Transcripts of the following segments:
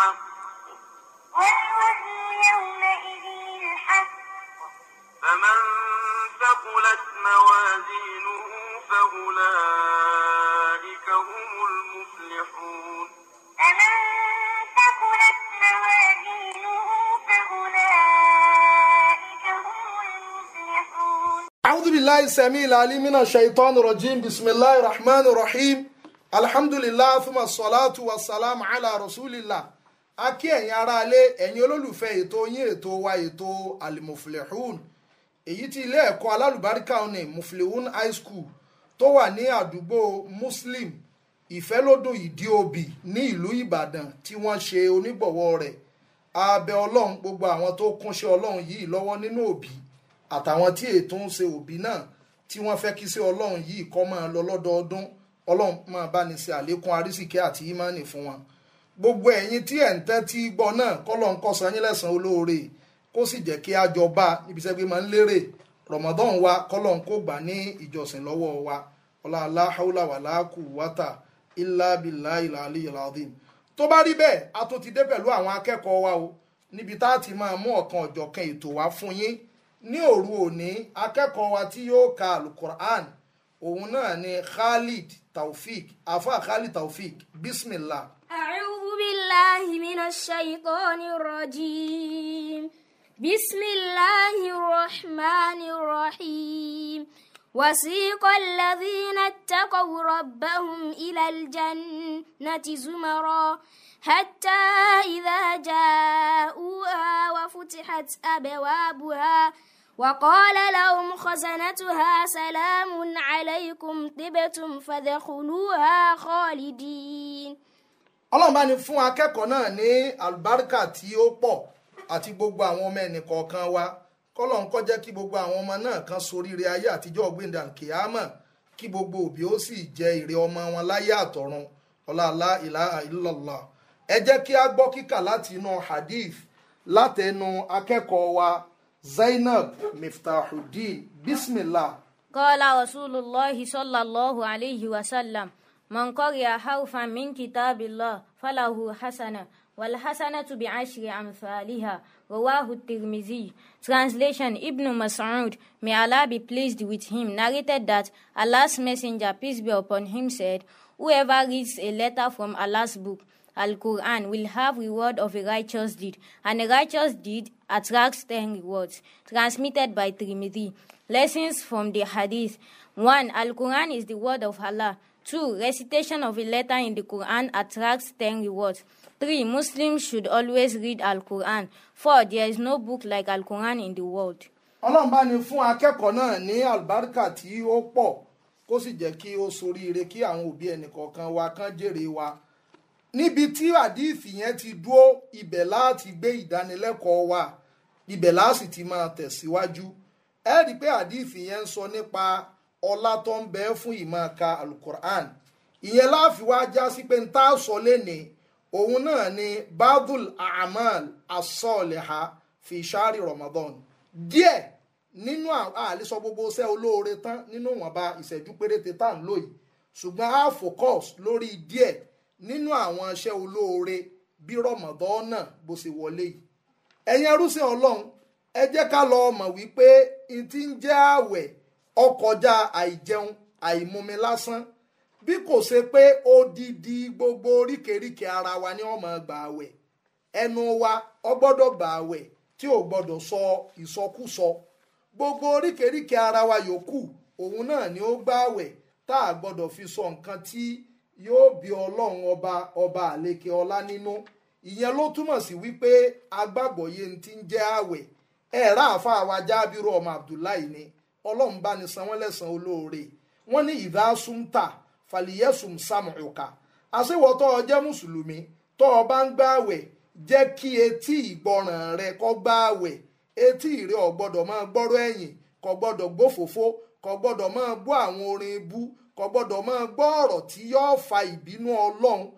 الحق والوزن يومئذ الحق فمن ثقلت موازينه فأولئك هم المفلحون فمن ثقلت موازينه فأولئك هم المفلحون أعوذ بالله السميع العليم من الشيطان الرجيم بسم الله الرحمن الرحيم الحمد لله ثم الصلاة والسلام على رسول الله a kí ẹ̀yin aráalé ẹ̀yin olólùfẹ́ ètò yín ètò wa ètò alimuflehun èyí tí ilé ẹ̀kọ́ alálùbáríkà ní muflehun high school tó wà ní àdúgbò muslim ìfẹ́lódùn ìdí òbí ní ìlú ìbàdàn tí wọ́n ṣe onígbọ̀wọ́ rẹ̀ abẹ ọlọ́run gbogbo àwọn tó kúnṣẹ́ ọlọ́run yìí lọ́wọ́ nínú òbí àtàwọn tí ètò ń ṣe òbí náà tí wọ́n fẹ́ kí sí ọlọ́run yìí kó máa lọ lọ́dọọdún ọlọ́run máa bá ní ṣe àlékún àrísìkí àti ìmánì fún wọn gbogbo ẹ̀yin tí ẹ̀ ń tẹ́tí gbọ́ náà kọ́lọ̀ ń kọ́ sanyín lẹ́sàn-án olóore kó sì jẹ́ kí àjọba ibi sẹ́gbẹ́ máa ń lérè Ramadan wa kọ́lọ̀ ń kó gbà ní ìjọsìn lọ́wọ́ wa ọláàlá haúlà wà láàkú wátà ilá bìlá ilà alí ìlàdín tó bá rí bẹ́ẹ̀ a tó ti dé pẹ̀lú àwọn akẹ́kọ̀ọ́ wa o níbi tá a ti máa mú ọ̀kan ọ̀jọ̀kan ètò wa fún yín ní òru òní akẹ́kọ̀ọ́ wa tí yóò ka alukur'an òun náà ni Khalid Taufik afa Khalid Taufik bismillah. بالله من الشيطان الرجيم بسم الله الرحمن الرحيم وسيق الذين اتقوا ربهم إلى الجنة زمرا حتى إذا جاءوها وفتحت أبوابها وقال لهم خزنتها سلام عليكم طبتم فادخلوها خالدين ọlọ́run bá ní fún akẹ́kọ̀ọ́ náà ní àlùbáríkà tí ó pọ̀ àti gbogbo àwọn ọmọ ẹnì kọ̀ọ̀kan wa kọ́lọ́n kọ́ jẹ́ kí gbogbo àwọn ọmọ náà kan soríire ayé àtijọ́ gbẹ̀ndà kìámọ̀ kí gbogbo òbí ó sì jẹ èrè ọmọ wọn láyé àtọ̀run ọláàlá ilaha illallah ẹ jẹ́ kí a gbọ́ kíkà láti inú hadith látẹnu akẹ́kọ̀ọ́ wa zainab miftahudeen bismillah. kọ́lá rasulillah sallallahu alayhi wa sallam. من قرئ حرفا من كتاب الله فله حسنة والحسنة بعشر أمثالها رواه الترمذي Translation Ibn Mas'ud, may Allah be pleased with him, narrated that Allah's messenger, peace be upon him, said, Whoever reads a letter from Allah's book, Al-Quran will have reward of a righteous deed, and a righteous deed attracts ten rewards. Transmitted by Trimidi. Lessons from the Hadith. 1. Al-Quran is the word of Allah. 2. Recitation of a letter in the Quran attracts 10 rewards. 3. Muslims should always read Al-Quran. 4. There is no book like Al-Quran in the world. Ọlọ́run bá ní fún akẹ́kọ̀ọ́ náà ní àlùbáríkà tí ó pọ̀ kó sì jẹ́ kí ó soríire kí àwọn òbí ẹnìkọ̀ọ̀kan wa kán jèrè wa. Níbi tí àdífì yẹn ti dúró ibẹ̀ láti gbé ìdánilẹ́kọ̀ọ́ wa ibẹ̀ láti ti máa tẹ̀síwájú. Ẹ rí i pé àdífì yẹn ń sọ nípa ọlá tó ń bẹ fún ìmọ̀ ka alukur'an ìyẹn láàfin wá já sí pé tá a sọ lénìí òun náà ni badul amal asọ́ọ̀lẹ̀ha fi ṣáàrì ramadan díẹ̀ nínú àlesọ gbogbo iṣẹ́ olóore tán nínú ìwọ̀nba ìṣẹ́jú péréte tá à ń lò yìí ṣùgbọ́n a focus lórí díẹ̀ nínú àwọn iṣẹ́ olóore bí ramadan náà bó ṣe wọlé yìí ẹ̀yin ẹrúsìn ọlọ́run ẹ jẹ́ ká lọ mọ̀ wípé n ń jẹ́ ààwẹ̀ ọkọjá àìjẹun àìmumi lásán bí kò ṣe pé odidi gbogbo oríkèéríkèé ara wa ni ọmọ gbà ẹnu wa ọ gbọ́dọ̀ gbà tí ò gbọdọ sọ ìsọkúsọ gbogbo oríkèéríkèé ara wa yòókù òun náà ni ó gbà àwẹ̀ tá a gbọ́dọ̀ fi sọ nǹkan tí yóò bí ọlọ́run ọba ọba àlekè ọlá nínú ìyẹn ló túmọ̀ sí wípé agbábọ̀yé ti ń jẹ́ àwẹ̀ ẹ̀ẹ́dá àfa àwa jábírò ọmọ Abdullahi ni ọlọ́run bá ní lẹ́sàn-án olóore wọ́n ní ìdá súntà fàlìyẹ́sùn sàmùkà àṣewọ̀ tó jẹ́ mùsùlùmí tó bá ń gbààwẹ̀ jẹ́ kí etí ìgbọràn rẹ kọ gbààwẹ̀ etí rẹ ò ma máa gbọ́rọ̀ ẹ̀yìn kò gbọ́dọ̀ gbófòfó kò gbọ́dọ̀ gbọ́ àwọn orin ibú gbọ́dọ̀ gbọ́ ọ̀rọ̀ tí fa ìbínú ọlọ́run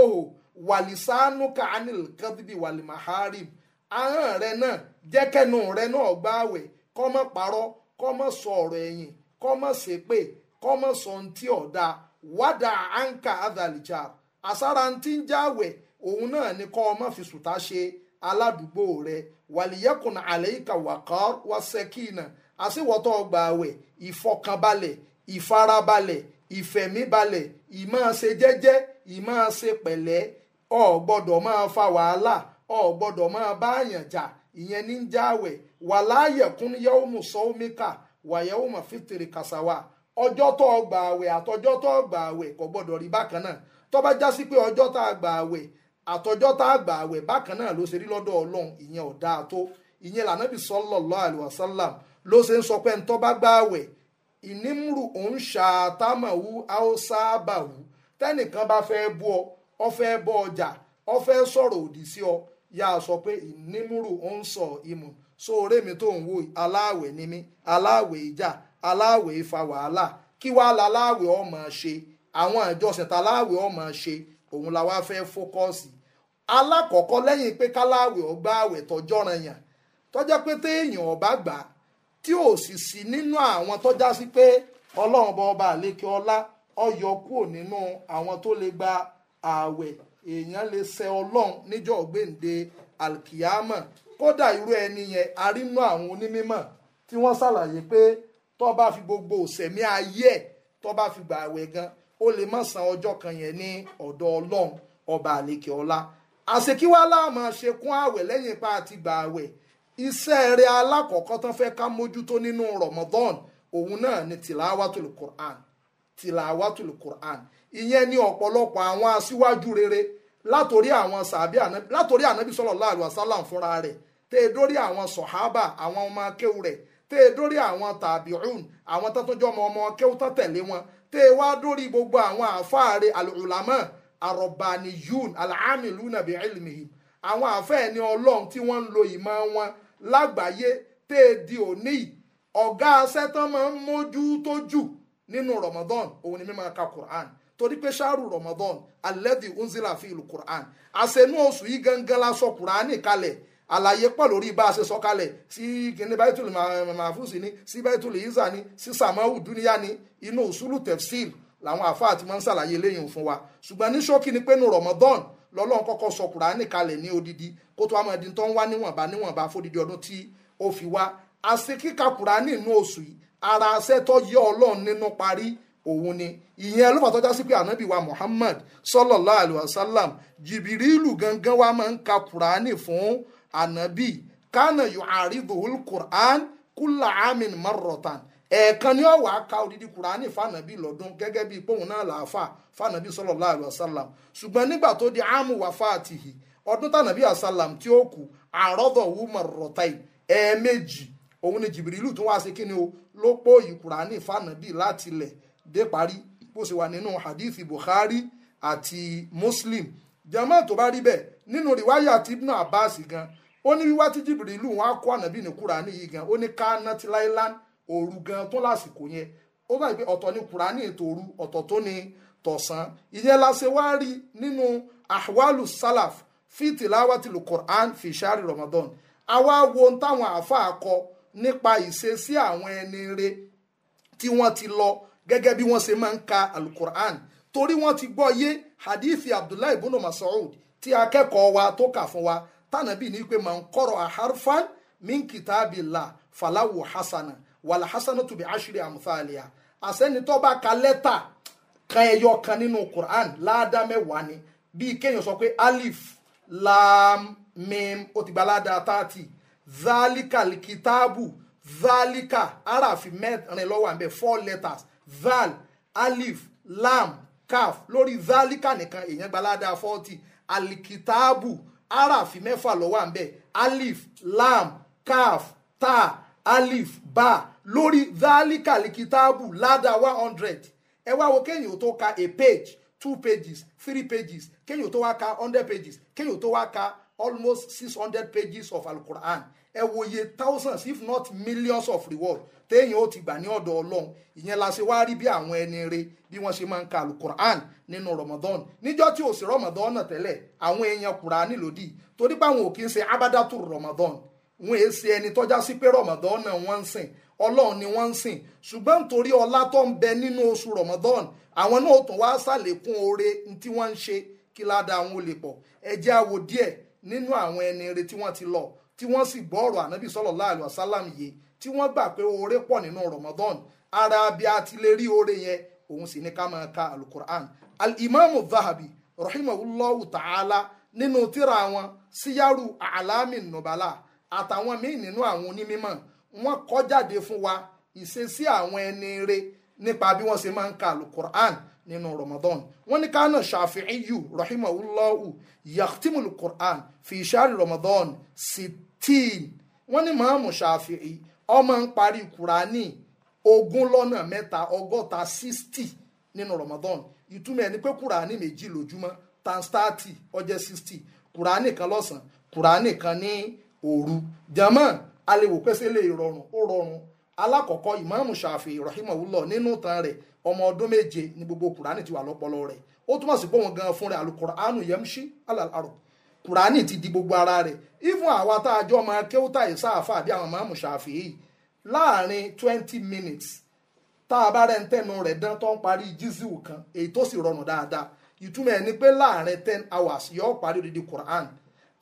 ojú wàlìsánú kàánìl kẹ́bíbí wàlìmáhárì ahọ́n rẹ náà jẹ́kẹ́nu rẹ náà gbá àwẹ̀ kó má parọ́ kó má sọ ọ̀rọ̀ ẹ̀yìn kó má ṣépè kó má sọ ohun tí ọ̀dà wádà áńkà àdàlìjà àsára ti ń jáwẹ̀ òun náà ni kó má fi sùtá ṣe aládùúgbò rẹ wàlìyẹ́kùn àlẹ́yìká wàkọ́ wàṣẹ́kìnà àṣìwọ́tọ̀ ọgbà àwẹ̀ ìfọkànbalẹ̀ ìfarabalẹ̀ ìfẹ̀míbalẹ̀ ìmáa ṣe jẹ́jẹ́ ìmáa ọ gbọdọ máa fa wàhálà ọ gbọdọ máa bá àyàn jà ìyẹn ní jáwèé wàláyẹ̀ kún yẹ́wò mú sọ́ọ́míkà wàyẹ̀wò mọ̀ fìtìrì kàṣàwà ọjọ́ tó gbà àwẹ̀ àtọjọ́ tó gbà àwẹ̀ kò gbọ́dọ̀ rí bákan náà tó já sí pé ọjọ́ tá a gbà àwẹ̀ àtọjọ́ tá a gbà àwẹ̀ bákan náà ló ṣe rí lọ́dọ̀ ọlọ́run ìyẹn ò dáa tó ìyẹn lànàbì sallallahu alaihi wasallam ló ṣe ń sọ pé ń tó gbà àwẹ̀ ìnímùrù òun ṣàtàmọ̀wù haúsáàbàwù tẹ́nìkan bá fẹ́ bú ọ ọfẹ́ bọ ọjà ọfẹ́ sọ̀rọ̀ òdì sí ọ yá a sọ pé ìnímúrù ó ń sọ ìmọ̀ so ọ̀rẹ́ mi tó ń wò aláàwẹ̀ ni mí aláàwẹ̀ ìjà aláàwẹ̀ ìfa wàhálà kí wàá la aláàwẹ̀ ọmọ ṣe àwọn ìjọsìn tá aláàwẹ̀ ọmọ ṣe òun la wá fẹ́ fókọ́ọ̀sì alákọ̀ọ́kọ́ lẹ́yìn pé káláàwẹ̀ ọgbà àwẹ̀ tọjọ́ran yàn tọ́jọ́ pé téèyàn ọba gbà tí ò sì sí nínú àwọn tọ́já sí pé ọlọ́run bá ọba àlékè ọlá ọyọ kúrò nínú àwọn tó lè gba ààwẹ̀ èèyàn lè ṣe ọlọ́run níjọ́ gbèǹde alkiyama kódà irú ẹni yẹn arínú àwọn onímọ̀ tí wọ́n ṣàlàyé pé tó bá fi gbogbo òsẹ̀mí ayé ẹ̀ tó bá fi gbà ààwẹ̀ gan ó lè má san ọjọ́ kan yẹn ní ọ̀dọ̀ ọlọ́run ọba àlekè ọlá àṣekíwá láàmú ṣekún ààwẹ̀ lẹ́yìn ipa àti gbà ààwẹ̀ iṣẹ́ rẹ̀ alákọ̀ọ́kọ́ tán fẹ́ ká mójútó nínú Ramadan òun náà ni tìláwá tó Qur'an tìlàwátùlù quran ìyẹn ní ọ̀pọ̀lọpọ̀ àwọn aṣíwájú rere látòrí àwọn sàbí látòrí ànábì sallallahu alaihi wasallam fúnra rẹ̀ tẹ́ ẹ dórí àwọn sọ̀hábà àwọn ọmọ akéwù rẹ̀ tẹ́ ẹ dórí àwọn tàbíùn àwọn tọ́tọ́jọ́ ọmọ ọmọ akéwù tó tẹ̀lé wọn tẹ́ ẹ wá dórí gbogbo àwọn àfáàrẹ alùlámà àrọ̀bàníyùn alàmìlúnà bí ilmihim àwọn àfẹ́ẹ̀ni ọlọ́run tí wọ́n ń lo ìmọ̀ wọn lágbàáyé tẹ́ ẹ di òní ọ̀gá asẹ́tán máa nínú Ramadan òun ni mímọ̀ ka Quran torí pé ṣáàrù Ramadan alẹ́dì unzila fi ìlú Quran àṣẹnú oṣù yìí gangan la sọ Quran kalẹ̀ àlàyé pọ̀ lórí bá a ṣe sọ kalẹ̀ sí kíní báyìtúlì màfúsì ni sí báyìtúlì ìzà ni sí sàmáwù dúníyà ni inú usulu tefsil làwọn àfáà ti máa ń ṣàlàyé lẹ́yìn fún wa ṣùgbọ́n ní ṣókí ni pé nu Ramadan lọ́lọ́run kọ́kọ́ sọ kùránì kalẹ̀ ní odidi kó tó àmọ́ ẹ̀dín tó ń wá níwọ̀nba níwọ̀nba fódidi ọdún tí ó fi wá àṣẹ kíka inú oṣù yìí ara asẹ́tọ́ yẹ ọlọ́run nínú parí òun ni ìyẹn ló fàtọ́ já sí pé ànábì wa Muhammad sallallahu alayhi wa sallam jìbìrìlù gangan wa máa ń ka kùránì fún ànábì kánà yóò àrídòwòl kùrán kúlà amin marrotan ẹ̀ẹ̀kan ni ó wàá ka odidi kùránì fànàbí lọ́dún gẹ́gẹ́ bíi pòun náà làáfà fànàbí sallallahu alayhi wa sallam ṣùgbọ́n nígbà tó di àmú wàfáàtìhì ọdún tànàbí àsálàm tí ó kù àrọ́dọ̀wù marrotan ẹ̀ẹ̀mejì òun ni jìbìrìlù tún wá sí kíni o ló pò yí kùránì fànàbí láti ilẹ̀ dé parí bó ṣe wà nínú hadithi bukhari àti muslim jama tó bá rí bẹ́ẹ̀ nínú rìwáyà àti ibnu abbas gan ó ní wíwá tí jìbìrìlù wọn á kó ànàbí ní kùránì yìí gan ó ní kánà ti láíláń òru gan tó lásìkò yẹn ó bá ìgbé ọ̀tọ̀ ní kùránì ètòru ọ̀tọ̀ tó ní tọ̀sán ìyẹn la ṣe wá rí nínú ahwalu salaf fi tìlù quran fi ṣáàrì ramadan àwa wo táwọn àáfàá kọ nípa ìṣesí àwọn ẹni re tí wọ́n ti lọ gẹ́gẹ́ bí wọ́n ṣe máa ń ka alukur'an torí wọ́n ti gbọ́ yé hadithi abdullahi ibn masoud tí akẹ́kọ̀ọ́ wa tó kà fún wa tànàbí ní pé man qara'a harfan min kitabillah falahu hasana wàlá hasana tu bi ashri amthaliha àsẹ́nitọ́ bá ka lẹ́tà kan ẹyọ kan nínú quran láàdá mẹ́wàá ni bíi kéèyàn sọ pé alif lam mim ó ti gba láàdá táàtì zálíkà kìtáàbù zálíkà aráàfin mẹ́rin lọ́wọ́ àbẹ̀ four letters zal alif lam kaf lórí zálíkà nìkan èèyàn gbalada forty alikitaabu aráàfin mẹ́fà lọ́wọ́ àbẹ̀ alif lam kaf ta alif ba lórí zálíkà likitaabu ládàá one hundred ẹ wá wo kéèyàn tó ka a page two pages three pages kéèyàn tó wá ka hundred pages kéèyàn tó wá ka almost six hundred pages of alukur'an ẹ wòye thousands if not millions of reward téèyàn ó ti gbà ní ọ̀dọ̀ ọlọ́run ìyẹn la ṣe wáá rí bí àwọn ẹni re bí wọ́n ṣe máa ń ka alukoran nínú ramadan níjọ́ tí ò sí ramadan náà tẹ́lẹ̀ àwọn èèyàn kùránì lòdì torí pé àwọn ò kí ń ṣe abadatu ramadan wọn èé ṣe ẹni tọ́já sí pé ramadan náà wọ́n ń sìn ọlọ́run ni wọ́n ń sìn ṣùgbọ́n nítorí ọlá tó ń bẹ nínú oṣù ramadan àwọn náà tún wáá ṣàlékún oore tí wọ́n ń ṣe kí ládàá wọn ò lè pọ̀ ẹ jẹ́ á nínú àwọn ẹni re tí wọ́n ti lọ tí wọ́n sì gbọ́ ọ̀rọ̀ ànábì sallallahu alaihi wasallam yìí tí wọ́n gbà pé oore pọ̀ nínú Ramadan ara bí a ti lè rí oore yẹn òun sì ní ká máa ka alukur'an al-imamu zahabi rahimahullahu ta'ala nínú tíra wọn síyáru alami nubala àtàwọn míì nínú àwọn onímọ̀ wọ́n kọ́ jáde fún wa ìṣesí àwọn ẹni rere nípa bí wọ́n ṣe máa ń ka alukur'an nínú Ramadan wọ́n ní kánà Shafi'iyu rahimahullahu yaktimul Qur'an fi shari Ramadan sitin wọ́n ní maamu Shafi'i ọmọ ń parí Kùránì ogún lọ́nà mẹ́ta ọgọ́ta sixty nínú Ramadan ìtumọ̀ ẹ̀ ni pé Kùránì méjì lójúmọ́ times ọjọ́ sixty Kùránì kan lọ́sàn-án Kùránì kan ní òru jama alewò pẹ́sẹ́lẹ̀ ìrọ̀rùn ó rọrùn alákọ̀ọ́kọ́ ìmáàmù Ṣàfi'í rahimahullah nínú tan rẹ̀ ọmọ ọdún méje ni gbogbo kùránì ti wà lọ́pọlọ rẹ̀ ó túmọ̀ sí pé òun gan fúnra alukùránù yẹmṣí alàlárò kùránì ti di gbogbo ara rẹ̀ even àwa tá a jọ ọmọ kéwútà ìsáàfà àbí àwọn máàmù ṣàfihì láàrin twenty minutes tá a bá rẹ̀ ń tẹnu rẹ̀ dán tó ń parí jísìwù kan èyí tó sì rọrùn dáadáa ìtumọ̀ ẹ̀ ni pé láàrin ten hours yóò parí odidi quran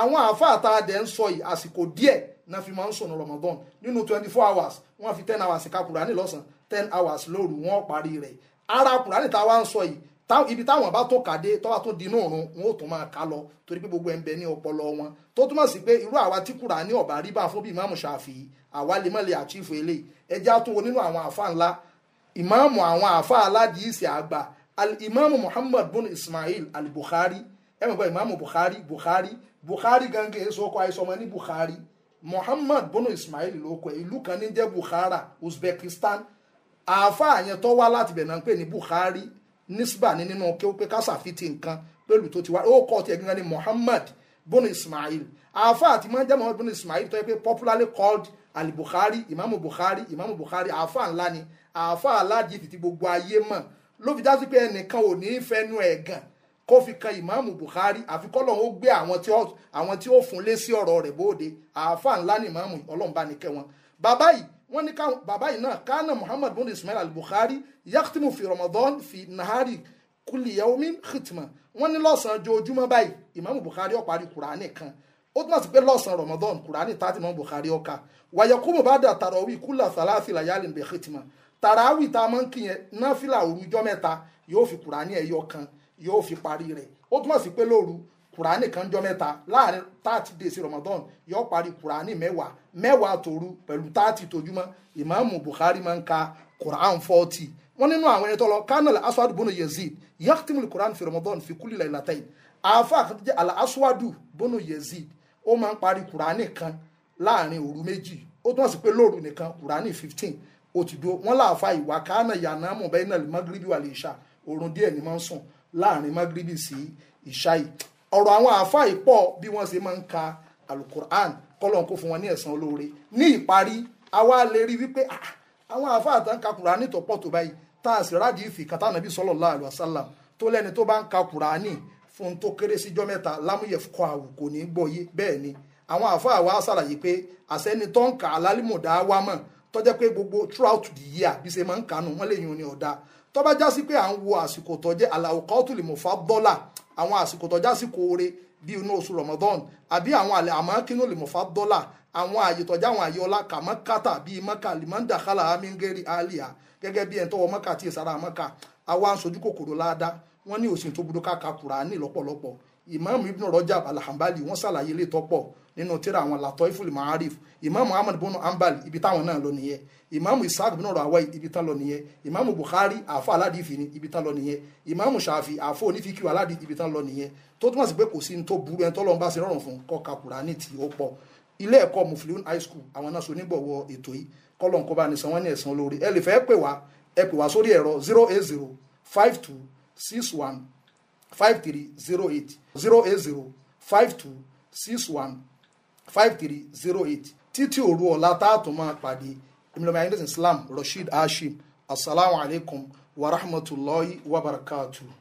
àwọn àáfàá tá a dẹ̀ ń sọ yìí àsìkò díẹ̀ náà fi máa ń sọ̀nà ramadan nínú twenty four hours wọ́n fi ten hours ka quran lọ́sàn-án ten hours lóru wọ́n parí rẹ̀ ara kùránì tá a wá ń sọ yìí ibi táwọn bá tún kàdé tó bá tún dinú òrun wọn ò tún máa kà lọ torí pé gbogbo ẹ̀ ń bẹ ní ọpọlọ wọn tó túmọ̀ sí pé irú àwa tí kùrà ní ọ̀bà rí bá fún bí ìmáàmù ṣàfihì àwa lè mọ̀lẹ́ àchífù eléyìí ẹjẹ́ á tún wo nínú àwọn àfa ńlá ìmáàmù àwọn àfa aládìísì àgbà ìmáàmù Muhammad bin Ismail al-Bukhari ẹ mọ̀ bá ìmáàmù Bukhari Bukhari Bukhari gangan èso ọkọ àìsọmọ ní Bukhari Muhammad bin Ismail lóko ìlú kan Bukhara Uzbekistan àáfàá yẹn tó wá láti bẹ̀ náà ní Bukhari nisba ni nínú kí ó pé kásàfitì nǹkan pẹ̀lú tó ti wá ó kọ́ tiẹ̀ gangan ní Muhammad bonu Ismail àáfàá àti mọ́jẹ́ Muhammad bonu Ismail tó yẹ pé popularly called al-Bukhari Imamu Bukhari Imamu Bukhari àáfàá ńlá ni àáfàá aládìí ti gbogbo ayé mọ̀ ló fi jásí pé ẹnìkan ò ní í fẹnu ẹ̀ gàn kó fi kan ìmáàmù Bukhari àfi kọ́lọ̀ ó gbé àwọn tí ó fún lé sí ọ̀rọ̀ rẹ̀ bóde àáfàá ńlá ni ìmáàmù ọlọ́run bá ní kẹ́ wọn bàbá yìí wọ́n ní káwọn bàbá yìí náà kánà muhammad bin ismail al-bukhari yakhtimu fi ramadan fi nahari kulli yawmin khitma wọ́n ní lọ́sàn-án ojoojúmọ́ báyìí imam bukhari ó parí kùránì kan ó túmọ̀ sí pé lọ́sàn-án ramadan kùránì tá ti imam bukhari ó kà wàyẹ̀kùmù bá dà tarawih kúlà sàlásì làyàlì bi khitma tarawih tá a máa ń kíyẹn náfìlà òru ọjọ́ yóò fi kùránì ẹ̀yọ kan yóò fi parí rẹ̀ ó túmọ̀ sí pé lóru kùránì kan jọ mẹ́ta láàrin thirty days Ramadan yóò parí kùránì mẹ́wàá mẹ́wàá tòru pẹ̀lú thirty tójúmọ́ ìmáàmù Bukhari máa ń ka kùránì forty wọ́n nínú àwọn ẹni tọ́lọ kánàlì aswadu bono Yazid yaktimul kùránì fi Ramadan fi kúlì lailatain àáfà àkàtúnjẹ àlà aswadu bono Yazid ó máa ń parí kùránì kan láàrin òru méjì ó tún wá sí lóru nìkan kùránì fifteen ó ti dúró wọ́n láàfa ìwà kánà yanamu magribi wal isha ni máa ń sùn magribi sí ìṣáì ọ̀rọ̀ àwọn àáfàá ìpọ̀ bí wọ́n ṣe máa ń ka alukur'an kọ́lọ́n kó fún wọn ní ẹ̀san olóore ní ìparí àwa lè rí wípé àwọn àáfàá àtàn ka kùránì tó pọ̀ tó báyìí tá a sì rádìí ìfì kàtà nàbí sallallahu alaihi wasallam tó lẹ́ni tó bá ń ka kùránì fún tó kéré síjọ́ mẹ́ta lámúyẹ̀f kọ́ àwù kò ní gbọ́yé bẹ́ẹ̀ ni àwọn àáfàá wa ṣàlàyé pé àsẹ́ni tó ń ka alálìmọ̀dá wa mọ̀ tó pé gbogbo throughout the year bí ṣe máa ń kanu wọ́n lè yun ní ọ̀dà tó bá pé à ń wo àsìkò tó jẹ́ àlàkọ́tùlìmọ̀fà dọ́là àwọn àsìkò tọ́já àsìkò oore bíi inú oṣù Ramadan àbí àwọn àlẹ́ àmọ́ kínú lè mọ̀fá dọ́là àwọn àyè tọ́já àwọn àyè ọlá kàmọ́ kàtà bíi mọ́kà limanda kala amingeri aliya gẹ́gẹ́ bíi ẹ̀ńtọ́wọ́ mọ́kà tí ìsara mọ́kà àwa ń sojú kòkòrò láadá wọ́n ní òsì tó burú káka Kùránì lọ́pọ̀lọpọ̀ Imam Ibn Rajab al-Hanbali wọ́n lè tọ́pọ̀ nínú tíra àwọn làtọ́ ìfúlì maharif ìmáàmù ahmed bono ambali ibi táwọn náà lọ nìyẹn ìmáàmù isaac bin rawai ibi tán lọ nìyẹn ìmáàmù bukhari àfọ aladi ni ibi tán lọ nìyẹn ìmáàmù shafi àfọ onífíkì aládìí ibi tán lọ nìyẹn tó túmọ̀ sí pé kò sí ní tó burú ẹni tọ́lọ́run bá ṣe rọrùn fún kó ka kùránì tí ó pọ̀ ilé ẹ̀kọ́ mufliun high school àwọn náà so nígbọ̀wọ́ ètò yìí kọ́lọ́n kó bá ní san wọ́n ní ẹ̀san olóore ẹ zero eight zero five two six one five three zero eight zero eight zero five two six one five three zero eight títí òru ọ̀la táàtò máa pàdé ìmìlọ́mọ ayélujára islam rasheed hashim asalaamualeykum wa rahmatulahi wa barakatuh.